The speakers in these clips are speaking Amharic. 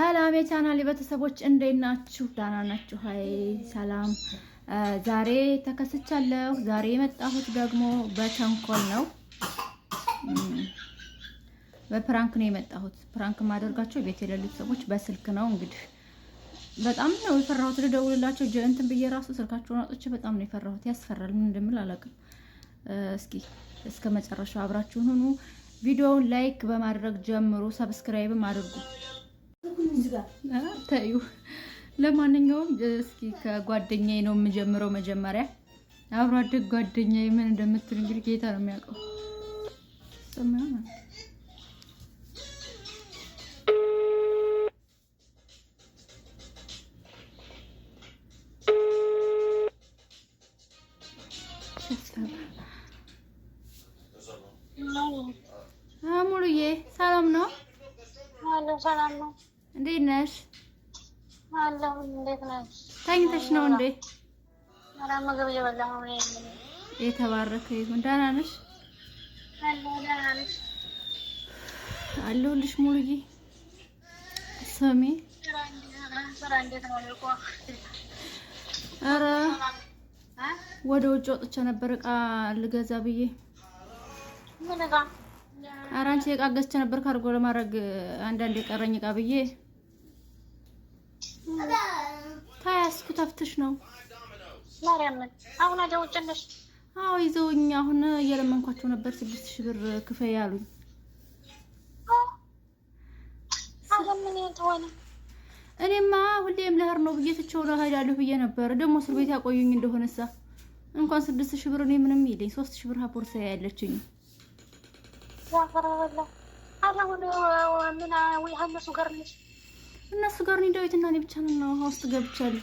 ሰላም የቻናል ቤተሰቦች እንዴት ናችሁ? ደህና ናችሁ? ሀይ ሰላም። ዛሬ ተከስቻለሁ። ዛሬ የመጣሁት ደግሞ በተንኮል ነው፣ በፕራንክ ነው የመጣሁት። ፕራንክ የማደርጋቸው ቤት የሌሉት ሰዎች በስልክ ነው። እንግዲህ በጣም ነው የፈራሁት። ልደውልላቸው እንትን ብዬ ራሱ ስልካቸውን አውጥቼ በጣም ነው የፈራሁት። ያስፈራል። ምን እንደምል አላውቅም። እስኪ እስከ መጨረሻው አብራችሁን ሁኑ። ቪዲዮውን ላይክ በማድረግ ጀምሩ፣ ሰብስክራይብም አድርጉ። ተዩ። ለማንኛውም እስኪ ከጓደኛዬ ነው የምጀምረው። መጀመሪያ አብሮ አደግ ጓደኛዬ ምን እንደምትል እንግዲህ ጌታ ነው የሚያውቀው። ሙሉዬ ሰላም ነው? ሰላም ነው። እንዴት ነሽ? አለሁ። እንዴት ነሽ? ተኝተሽ ነው እንዴ? ኧረ ምግብ እየበላሁ ነው። የተባረከ ይሁን። ደህና ነሽ? አለሁ። አለሁልሽ። ሙሉዬ ኧረ ወደ ውጭ ወጥቼ ነበር እቃ ልገዛ ብዬ ኧረ አንቺ ዕቃ ገዝቼ ነበር ካርጎ ለማድረግ አንዳንድ የቀረኝ እቃ ብዬ ታያስኩ ተፍትሽ ነው። ማርያምን አሁን አደ አዎ ይዘውኝ አሁን እየለመንኳቸው ነበር ስድስት ሺህ ብር ክፈይ ያሉኝ። እኔማ ሁሌም ለህር ነው ብዬ ትቼው ነው እሄዳለሁ ብዬ ነበር። ደግሞ እስር ቤት ያቆዩኝ እንደሆነሳ እንኳን ስድስት ሺህ ብር እኔ ምንም ይለኝ ሶስት ሺህ ብር ሀፖርሳ ያለችኝ እነሱ ጋር እኔ ዳዊትና እኔ ብቻ ነን። ውሃ ውስጥ ገብቻለሁ።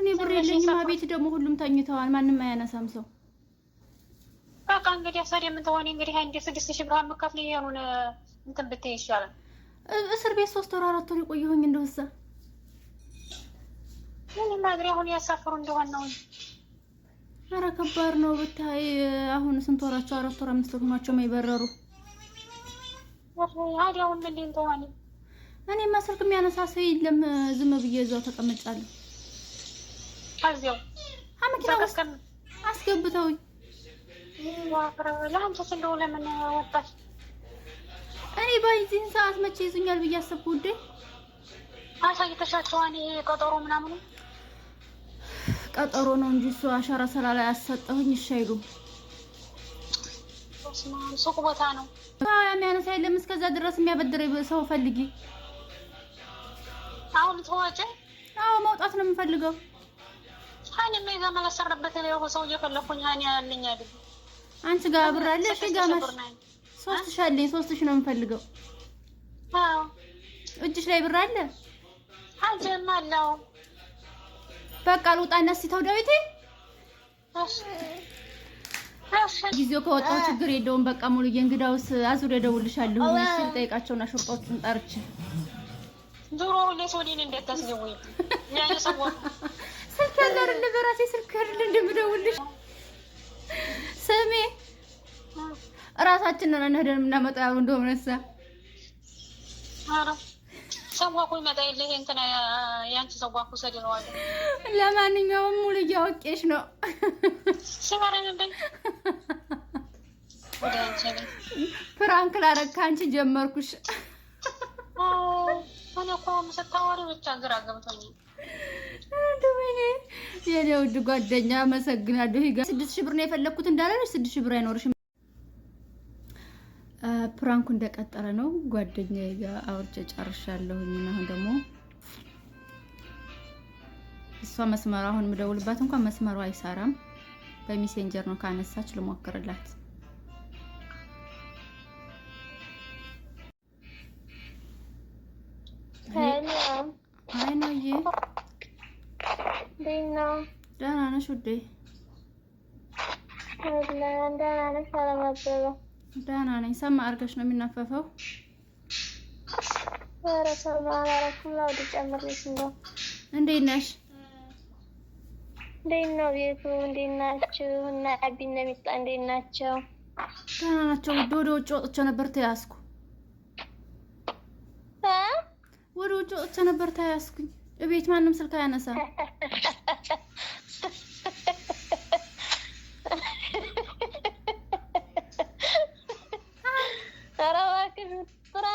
እኔ ብር የለኝም። አቤት ደግሞ ሁሉም ተኝተዋል። ማንም አያነሳም ሰው በቃ እንግዲህ አሳድ የምንተሆን እንግዲህ አንድ ስድስት ብር የሆኑን እንትን ብትይ ይሻላል። እስር ቤት ሶስት ወር አራት ወር የቆየሁኝ እንደውሳ ምን አሁን ያሳፍሩ እንደሆን ነው ኧረ ከባድ ነው ብታይ። አሁን ስንት ወራቸው? አራት ወር አምስት ወር ሆኗቸው የበረሩ። እኔማ ስልክ የሚያነሳ ሰው የለም። ዝም ብዬ እዛው ተቀምጫለሁ። መኪና ውስጥ አስገብተውኝ እኔ በዚህን ሰዓት መቼ ይዙኛል ብዬ አሰብኩ። ውዴ አሳይተሻቸዋን ቀጠሮ ምናምኑ ቀጠሮ ነው እንጂ እሱ አሻራ ስራ ላይ አሰጠሁኝ ይሻይሉ ሱቁ ቦታ ነው የሚያነሳ የለም። እስከዛ ድረስ የሚያበድር ሰው ፈልጊ። አሁን ተዋጭ። አዎ መውጣት ነው የምፈልገው። ሀኒማ ይዛ መላሰረበት ላይ ሆ ሰው እየፈለኩኝ ሀኒ ያልኝ አይደል? አንቺ ጋር አብራለሽ ጋማሽ ሶስት ሺ አለኝ። ሶስት ሺ ነው የምፈልገው። አዎ እጅሽ ላይ ብር አለ አልጀማለው በቃ ልውጣና እስኪ ተው ዳዊቴ፣ ጊዜው ከወጣሁ ችግር የለውም። በቃ ሙሉ እንግዳውስ አዙር እደውልልሻለሁ ሲል ጠይቃቸውና ሾርጣዎቹን ጠርቼ ድሮ ሁሌ ሶሊን እንደታስደውይ ስልክ ያለር በራሴ ስልክ አይደል እንደምደውልሽ። ስሜ እራሳችንን ነን ሄደን የምናመጣው እንደውም ነሳ ለማንኛውም ሙሉ እያወቄሽ ነው። ፍራንክ ላረግ ከአንቺ ጀመርኩሽ። የኔ ውድ ጓደኛ አመሰግናለሁ። ስድስት ሺህ ብር ነው የፈለግኩት እንዳላለች ስድስት ሺህ ብር አይኖርሽም። ፕራንኩ እንደቀጠለ ነው። ጓደኛዬ ጋር አውርቼ ጨርሻለሁኝ። አሁን ደግሞ እሷ መስመሩ አሁን የምደውልባት እንኳን መስመሩ አይሰራም። በሜሴንጀር ነው ካነሳች ልሞክርላት። አይ ነይ፣ ደህና ነሽ ውዴ? ደህና ነኝ። ሰማ አድርገሽ ነው የሚናፈፈው? ኧረ ሰማ አላደረኩም። ላውድ ጨምሬሽ እንደው እንዴት ነሽ? እንዴት ነው ቤቱ? እንዴት ናችሁ? እና አቢነ ሚጣ እንዴት ናቸው? ደህና ናቸው። ውድ ወደ ውጭ ወጥቼ ነበር ተያዝኩ። ወደ ውጭ ወጥቼ ነበር ተያዝኩኝ። እቤት ማንም ስልክ አያነሳም።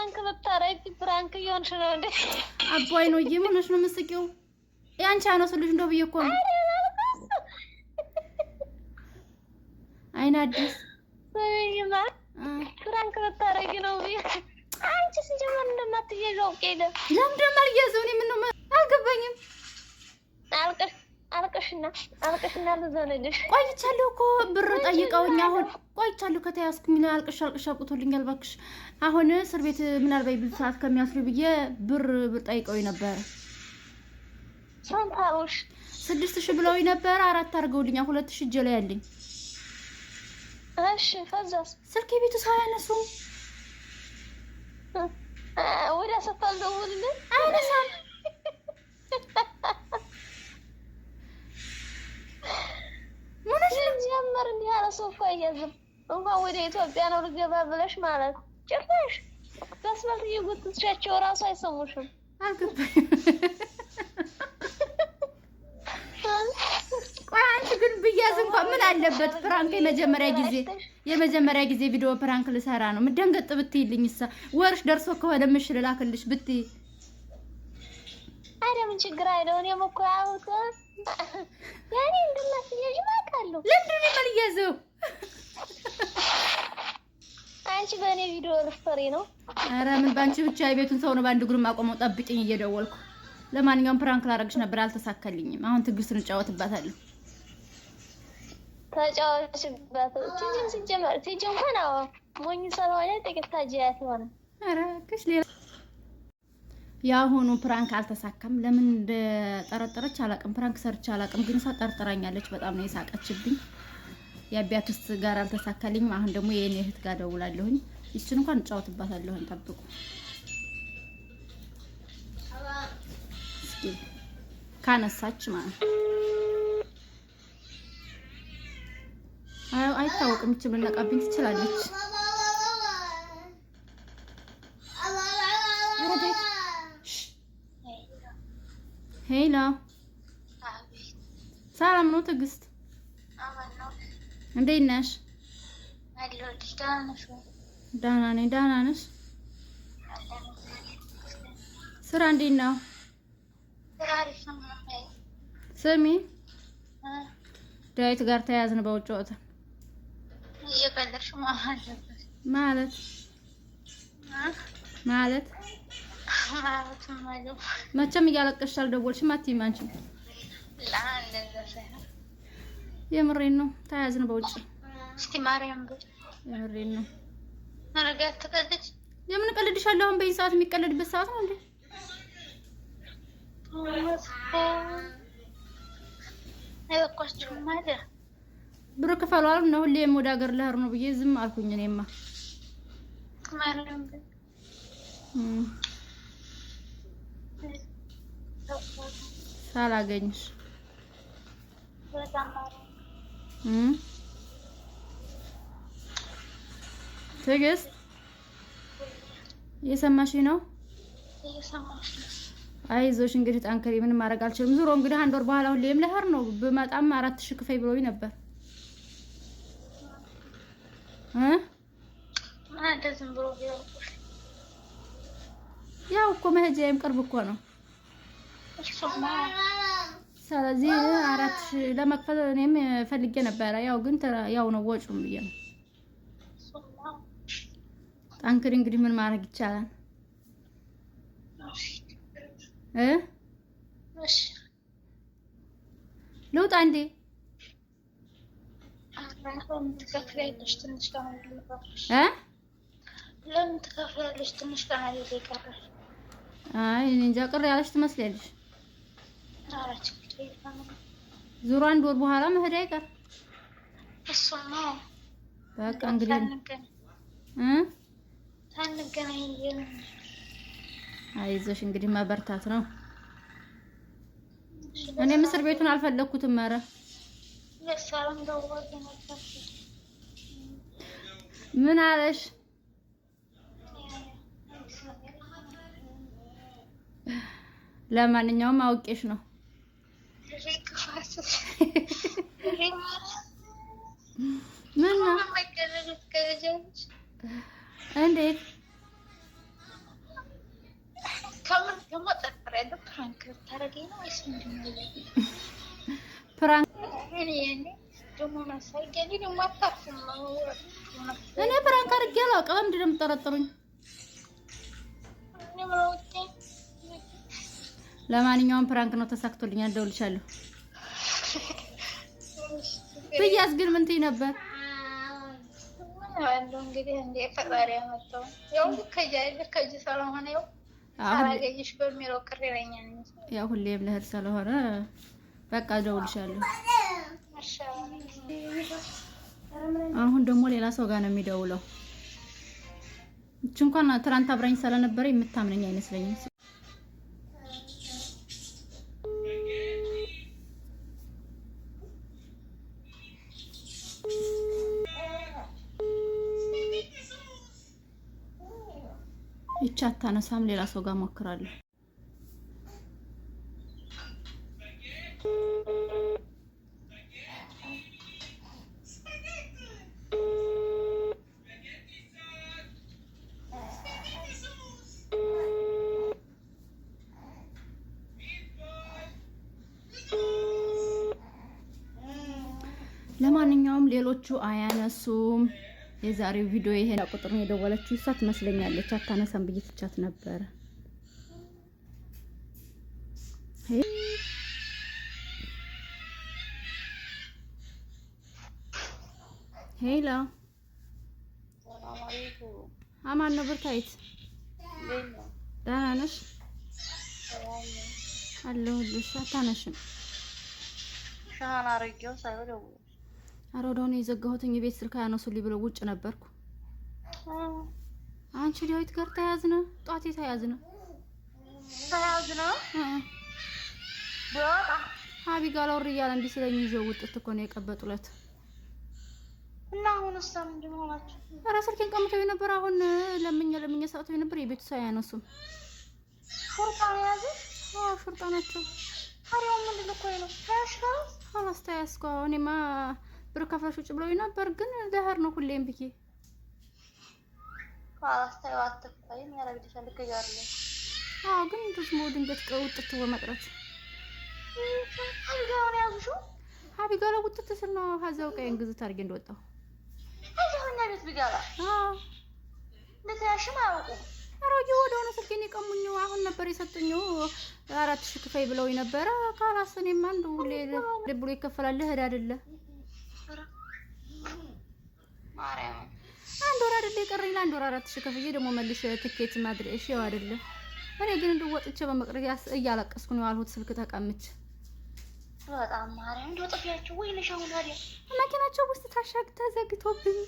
ፕራንክ ብታረጊ ፕራንክ እየሆንሽ ነው እንዴ? አባይ ነው ይሄ ምን ነው የምትስቂው? ያንቺ አነሱ ልጅ እንደው ብዬሽ እኮ ነው። አይን አዲስ ሰይማ ፕራንክ ብታረጊ ነው ብዬሽ። አንቺ ስንጀምር እንደማትየው አውቄ ለምን ለምን እንደማልያዘው ምን ነው አልገባኝም። አልቅሽ አልቀሽና አልቀሽና ልዘንልሽ ቆይቻለሁ እኮ ብር ጠይቀውኝ አሁን ቆይቻለሁ ከተያዝኩኝ አልቅሽ አልቅሽ አብቅቶልኛል። እባክሽ አሁን እስር ቤት ምናልባት ብዙ ሰዓት ከሚያስሩ ብዬ ብር ብር ጠይቀው ነበረ። ስንት ስድስት ሺህ ብለው ነበረ። አራት አድርገውልኛል። ሁለት ሺህ እጄ ላይ ያለኝ። እሺ ከዛስ? ስልኬ ቤቱ ሰው አያነሱም። ወዲያ ሰፋ አልደውልልህ አይነሳም ምንሽ ልጀምር እንዲህ ያለ ሰው እኮ አያዝም። እንኳን ወደ ኢትዮጵያ ነው ልገባ ብለሽ ማለት ጭራሽ በአስፋልት እየጎተትሻቸው እራሱ አይሰሙሽም። አልገባኝም። ቆይ አንቺ ግን ብያዝ እንኳን ምን አለበት? ፕራንክ የመጀመሪያ ጊዜ የመጀመሪያ ጊዜ ቪዲዮ ፕራንክ ልሰራ ነው። ምደንገጥ ብትይልኝ እሳ ወርሽ ደርሶ ከሆነ ምሽ ልላክልሽ ብትይ አይደል ምን ችግር አይደውን የመኮያ ያኔ እንደማትያዥ እማውቃለሁ። ለምንድን ነው የማልያዘው? አንቺ በእኔ ቪዲዮ ርፍሬ ነው። ኧረ ምን በአንቺ ብቻ የቤቱን ሰው ነው በአንድ እግሩ ማቆመው ጠብቅኝ እየደወልኩ። ለማንኛውም ፕራንክ ላደርግሽ ነበር አልተሳካልኝም። አሁን ትዕግስት እንጫወትባታለን። ተጫዋችባት ትጅም ሲጀመር ትጅ እንኳን ሞኝ ስለሆነ ጥቂት ታጅያት ሆነ ኧረ ክሽ ሌላ የአሁኑ ፕራንክ አልተሳካም። ለምን እንደጠረጠረች አላቅም። ፕራንክ ሰርች አላቅም፣ ግን እሷ ጠርጥራኛለች። በጣም ነው የሳቀችብኝ። የአቢያክስት ጋር አልተሳካልኝም። አሁን ደግሞ የእኔ እህት ጋር ደውላለሁኝ። እሱን እንኳን እጫወትባታለሁን። ጠብቁ ካነሳች ማለት አይታወቅም። ይችን ልነቃብኝ ትችላለች። ሄሎ፣ ሰላም ነው ትዕግስት? እንዴት ነሽ? ደህና ነኝ። ደህና ነሽ? ስራ እንዴት ነው? ስሚ፣ ዳዊት ጋር ተያያዝን በውጭ ወጥተን ማለት ማለት መቼም እያለቀሽ አልደወልሽም አትይም አንቺም። የምሬን ነው። ተያያዝን በውጭ እስቲ ማርያም የምሬን ነው። የምን እቀልድሻለሁ? አሁን በዚህ ሰዓት የሚቀልድበት ሰዓት ነው እንዴ? ብር ክፈሉ አሉ ሁሌም ወደ ሀገር ልሄድ ነው ብዬ ዝም አልኩኝ። እኔማ ሳላገኝሽ ትዕግስት እየሰማሽ ነው? አይዞሽ እንግዲህ ጠንክሪ። ምንም ማድረግ አልችልም። ዙሮ እንግዲህ አንድ ወር በኋላ ሁሌም ለህር ነው ብመጣም አራት ሺህ ክፈይ ብሎኝ ነበር እ ያው እኮ መሄጃዬም ቅርብ እኮ ነው ስለዚህ አራት ሺህ ለመክፈል እኔም ፈልጌ ነበረ። ያው ግን ያው ነው ወጪውም ብዬ ነው። ጠንክሪ እንግዲህ ምን ማድረግ ይቻላል እ ልውጣ እንዴ ለምን ትከፍላለች? ትንሽ ቀን አይ እኔ እንጃ ቅር ያለሽ ትመስላለሽ። ዙሮ አንድ ወር በኋላ መሄድ አይቀር እሱማ በቃ እንግዲህ እ አይዞሽ እንግዲህ መበርታት ነው። እኔ ምስር ቤቱን አልፈለኩትም። ኧረ ምን አለሽ? ለማንኛውም አውቄሽ ነው። Rico ምን ነው እንዴት ከምን ደግሞ ጠፍር ያለው ፕራንክ ልታደርገኝ ነው ወይስ ምንድን ነው? ፕራንክ እኔ ፕራንክ አድርጌ አላውቅም። ምንድን ነው የምጠረጥሩኝ? ለማንኛውም ፕራንክ ነው፣ ተሳክቶልኛል። ደውልሻለሁ ብያዝ ግን ምን ትይ ነበር? ያው ሁሌም ልሄድ ስለሆነ በቃ ደውልሻለሁ። አሁን ደግሞ ሌላ ሰው ጋር ነው የሚደውለው። እች እንኳን ትናንት አብራኝ ስለነበረ የምታምነኝ አይመስለኝም። ብቻ አታነሳም። ሌላ ሰው ጋር ሞክራለሁ። ለማንኛውም ሌሎቹ አያነሱም። የዛሬው ቪዲዮ ይሄን ቁጥሩን የደወለችው እሷ ትመስለኛለች። አታነሳም ብዬ ትቻት ነበረ። ሄሎ አማን ነው ብርታይት፣ ደህና ነሽ? አለሁልሽ። አታነሽም። ሻሃን አረጊው ሳይሆን ደውሎ ኧረ ወደ ሆነ የዘጋሁትኝ የቤት ስልክ ያነሱልኝ ብለው ውጭ ነበርኩ። አንቺ ዳዊት ጋር ተያዝነ? ጧት ተያዝነ ተያዝነ ቢወጣ አቢጋ ላውር እያለ እንዲህ ስለኝ ይዤው ውጥት እኮ ነው የቀበጡለት። እና አሁን እሷ ምንድን ሆናችሁ? ኧረ ስልኬን ቀምተው ነበር። አሁን ለምኛ ለምኛ ሰጥተው ነበር። የቤቱ ሰው አያነሱም። ሹርጣ ነው የያዙት። አዎ ሹርጣ ናቸው። ታዲያ ምንድን እኮ ነው ተያዝከው? አላስተያዝከው እኔማ ብር ከፈሽ ውጭ ብሎኝ ነበር፣ ግን ደህር ነው ሁሌም ብዬ አዎ። ግን ደግሞ ድንገት ውጥት በመቅረት ሀቢጋላ ውጥት ስል ነው ሀዛው ቀይን ግዝት አድርጌ እንደወጣሁ አሮጌ ወደሆነ ስልኬን የቀሙኝ አሁን ነበር የሰጡኝ። አራት ሺህ ክፈይ ብለውኝ ነበረ። ካላስ እኔማ እንደው ብሎ ይከፈላል እህድ አይደለ ማርያም አንድ ወር አይደለ የቀረኝ? ለአንድ ወር አራት ሺህ ከፍዬ ደግሞ መልሽ ትኬት ማድረግ እሺ፣ ያው አይደለ። እኔ ግን እንደው ወጥቼ በመቅረት ያስ እያለቀስኩ ነው ያልሁት፣ ስልክ ተቀምጬ በጣም ማርያም። እንደው ጥፊያቸው ወይ ለሻው ታዲያ መኪናቸው ውስጥ ታሻግ ተዘግቶብኝ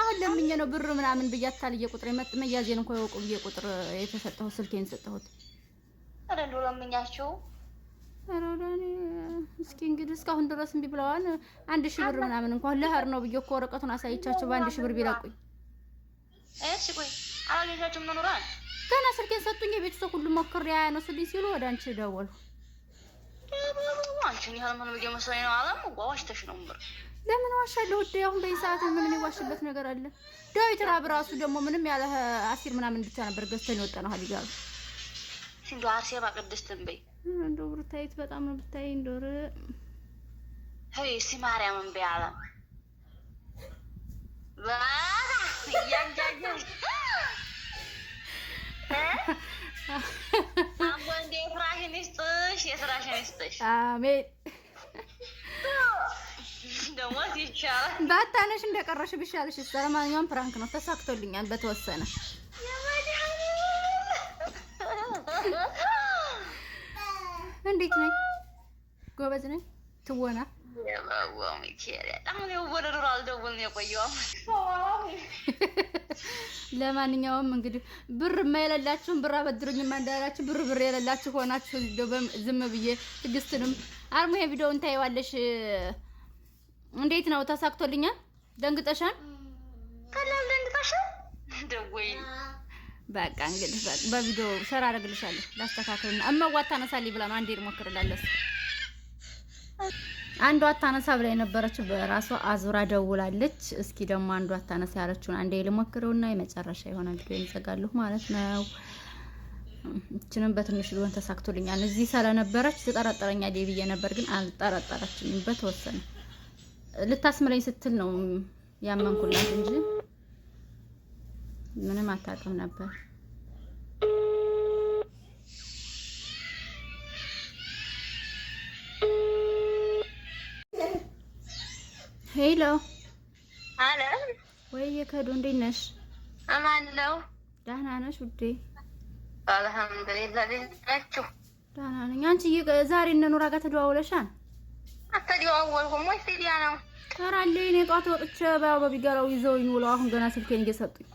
አሁን ለምኜ ነው ብር ምናምን ብዬ አታልዬ ቁጥር የመጥ መያዜን እንኳን ያውቁ ብዬ ቁጥር የተሰጠሁት ስልኬን ሰጠሁት። አረ እንደው ለምኛቸው እስኪ እንግዲህ እስካሁን ድረስ እምቢ ብለዋል። አንድ ሺህ ብር ምናምን እንኳን ለሀር ነው ብዬ እኮ ወረቀቱን አሳይቻቸው በአንድ ሺህ ብር ቢለቁኝ ገና ስልኬን ሰጡኝ። የቤተሰብ ሁሉ ሞክሬ አያነሱልኝ ሲሉ ወደ አንቺ ደወሉ። ለምን ዋሻለሁ ውዴ? አሁን በዚህ ሰዓት ምን የሚዋሽበት ነገር አለ? ዳዊት ራብ ራሱ ደግሞ ምንም ያለ አሲር ምናምን ብቻ ነበር ገዝተን የወጣ ነው ሲንዶ አርሴማ ቅድስትን በይ እንደ ብሩታይት በጣም ነው ብታይ እንደረ ሄይ ሲ ማርያም እምቢ አለ። አሜን ባታነሽ እንደቀረሽ ቢሻለሽ። ለማንኛውም ፕራንክ ነው ተሳክቶልኛል በተወሰነ እንዴት ነኝ? ጎበዝ ነኝ። ትወና ለማንኛውም እንግዲህ ብር የማይለላችሁን ብር አበድሩኝ የማንዳላችሁ ብር ብር የለላችሁ ሆናችሁ ዝም ብዬ ትግስትንም አርሙ የቪዲዮውን ታይዋለሽ። እንዴት ነው ተሳክቶልኛል? ደንግጠሻል? ከላም ደንግጠሻል? ደወይ በቃ እንግዲህ በቪዲዮ ሸር አደርግልሻለሁ ላስተካክልና እማዋ አታነሳልኝ ብላ ነው። አንዴ ልሞክርላለሁ። አንዷ አታነሳ ብላ የነበረች በራሷ አዙራ ደውላለች። እስኪ ደግሞ አንዷ አታነሳ ያለችውን አንዴ ልሞክረውና የመጨረሻ ይሆናል ቪዲዮ እንዘጋለሁ ማለት ነው። እችንም በትንሽ ቢሆን ተሳክቶልኛል። እዚህ ስለነበረች ትጠረጠረኛ ዴብዬ ነበር፣ ግን አልጠረጠረችኝም። በተወሰነ ልታስምለኝ ስትል ነው ያመንኩላት እንጂ ምንም አታውቅም ነበር። ሄሎ አለ ወይ የከዱ እንዴት ነሽ? አማን ነው። ደህና ነሽ ውዴ? አልሐምዱሊላህ ደህና ነኝ። አንቺ ዛሬ እነ ኑራ ጋር ተደዋውለሻል? አተደዋወልኩም ወይስ ዲያ ነው? ኧረ እኔ ጠዋት ወጥቼ በቢገራው ይዘውኝ ውለው አሁን ገና ስልኬን እየሰጡኝ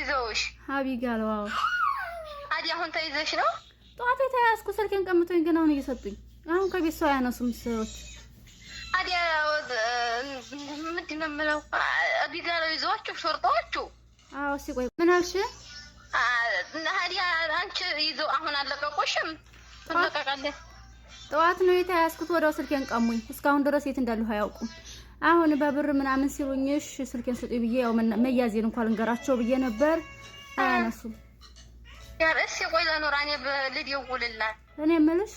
ይዘውሽ አቢጋለው? አዎ ታዲያ አሁን ተይዘሽ ነው? ጠዋት የተያዝኩ ስልኬን ቀምቶኝ ግን አሁን እየሰጡኝ። አሁን ከቤት ሰው አያነሱም ሰዎች። ታዲያ ምንድን ነው የምለው፣ አቢጋለው ይዘዋችሁ ሾርጣዎቹ? አዎ። እስኪ ቆይ ምን አልሽ? ታዲያ አንቺ ይዘው አሁን አለቀቁሽም? ትለቀቃለህ? ጠዋት ነው የተያዝኩት፣ ወደው ስልኬን ቀሙኝ። እስካሁን ድረስ የት እንዳለሁ አያውቁም። አሁን በብር ምናምን ሲሉኝሽ ስልኬን ስጡኝ ብዬ ያው መያዜን እንኳን ልንገራቸው ብዬ ነበር። አያነሱም። ያር እሺ፣ ቆይ ለኖራ እኔ ልደውልላት። እኔ የምልሽ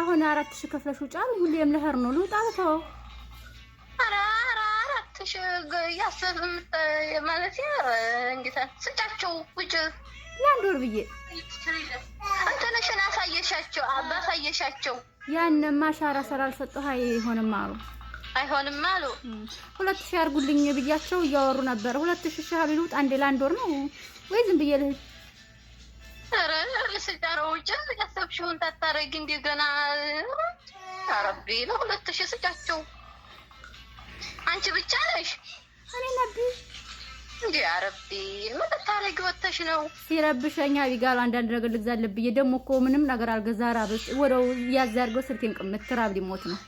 አሁን አራት ሺህ ከፍለሽ ውጪ አሉ። ሁሌም ልሄድ ነው ልውጣ ብተው አራት ሺህ እያሰብ ማለት እንጌታ ስጫቸው ውጭ ለአንድ ወር ብዬ እንትንሽን አሳየሻቸው ባሳየሻቸው ያንማ ሻራ ሰራ አልሰጡህ አይሆንም አሉ አይሆንም አሉ። ሁለት ሺህ አድርጉልኝ ብያቸው እያወሩ ነበር። ሁለት ሺህ ሻህ ልውጥ አንዴ ለአንድ ወር ነው ወይ ዝም ብዬ ልሂድ? ኧረ ስጨረ ውጭ ያሰብሽውን ታታረጊ እንደገና አረቤ ለሁለት ሺህ ስጫቸው። አንቺ ብቻ ነሽ እኔ ነቢ እንዲ አረቤ ምን ወተሽ ነው ሲረብሸኛ ቢጋል አንዳንድ ነገር ልግዛለብዬ ደግሞ እኮ ምንም ነገር አልገዛ ራብ ወደው ያዛርገው ስልኬን ቅምት ራብ ሊሞት ነው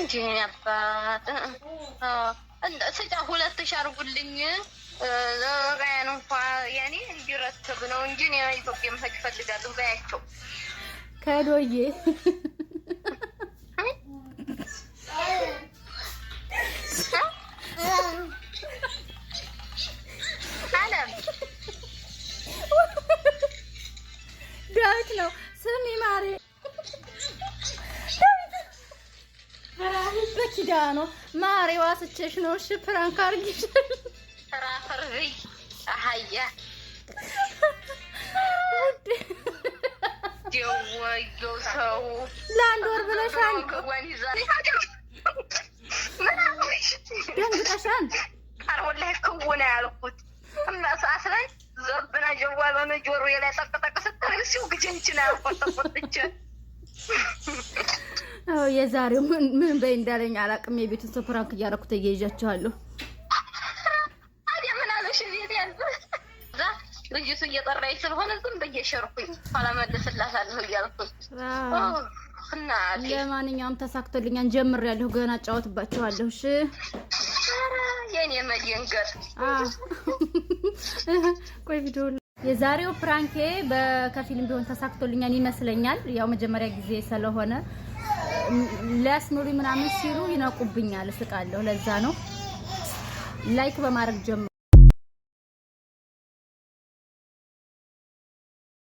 እንጂ አባት ስጫ ሁለት ሺህ አድርጉልኝ ራያን እንኳ ያኔ እንዲረትብ ነው እንጂ ኢትዮጵያ መሄድ እፈልጋለሁ በያቸው ከዶዬ ዳዊት ነው ስሚ ማሬ ኪዳ ነው ማሬዋ ስቼሽ ነው። እሺ ፕራንክ አድርጊሻል። ለአንድ ወር ብለሻል። ደንግጠሻል። ወላሂ ክውን ያልኩት ላይ ዘብና ጀዋ በመጆሮ ሲው የዛሬው ምን በይ እንዳለኝ አላቅም። የቤቱን ሰው ፕራንክ እያደረኩ ተያይዣችኋለሁ። ልጅቱ እየጠራኝ ስለሆነ ዝም ብዬ ሸርኩኝ ኋላ መለስላታለሁ እያልኩኝ ለማንኛውም ተሳክቶልኛል። ጀምሬያለሁ። ገና ጫወትባችኋለሁ። እሺ የኔ መደንገር ቆይ ቪዲዮ የዛሬው ፕራንኬ በከፊልም ቢሆን ተሳክቶልኛል ይመስለኛል። ያው መጀመሪያ ጊዜ ስለሆነ ሊያስኖሪ ምናምን ሲሉ ይነቁብኛል፣ እስቃለሁ። ለዛ ነው ላይክ በማድረግ ጀምሩ።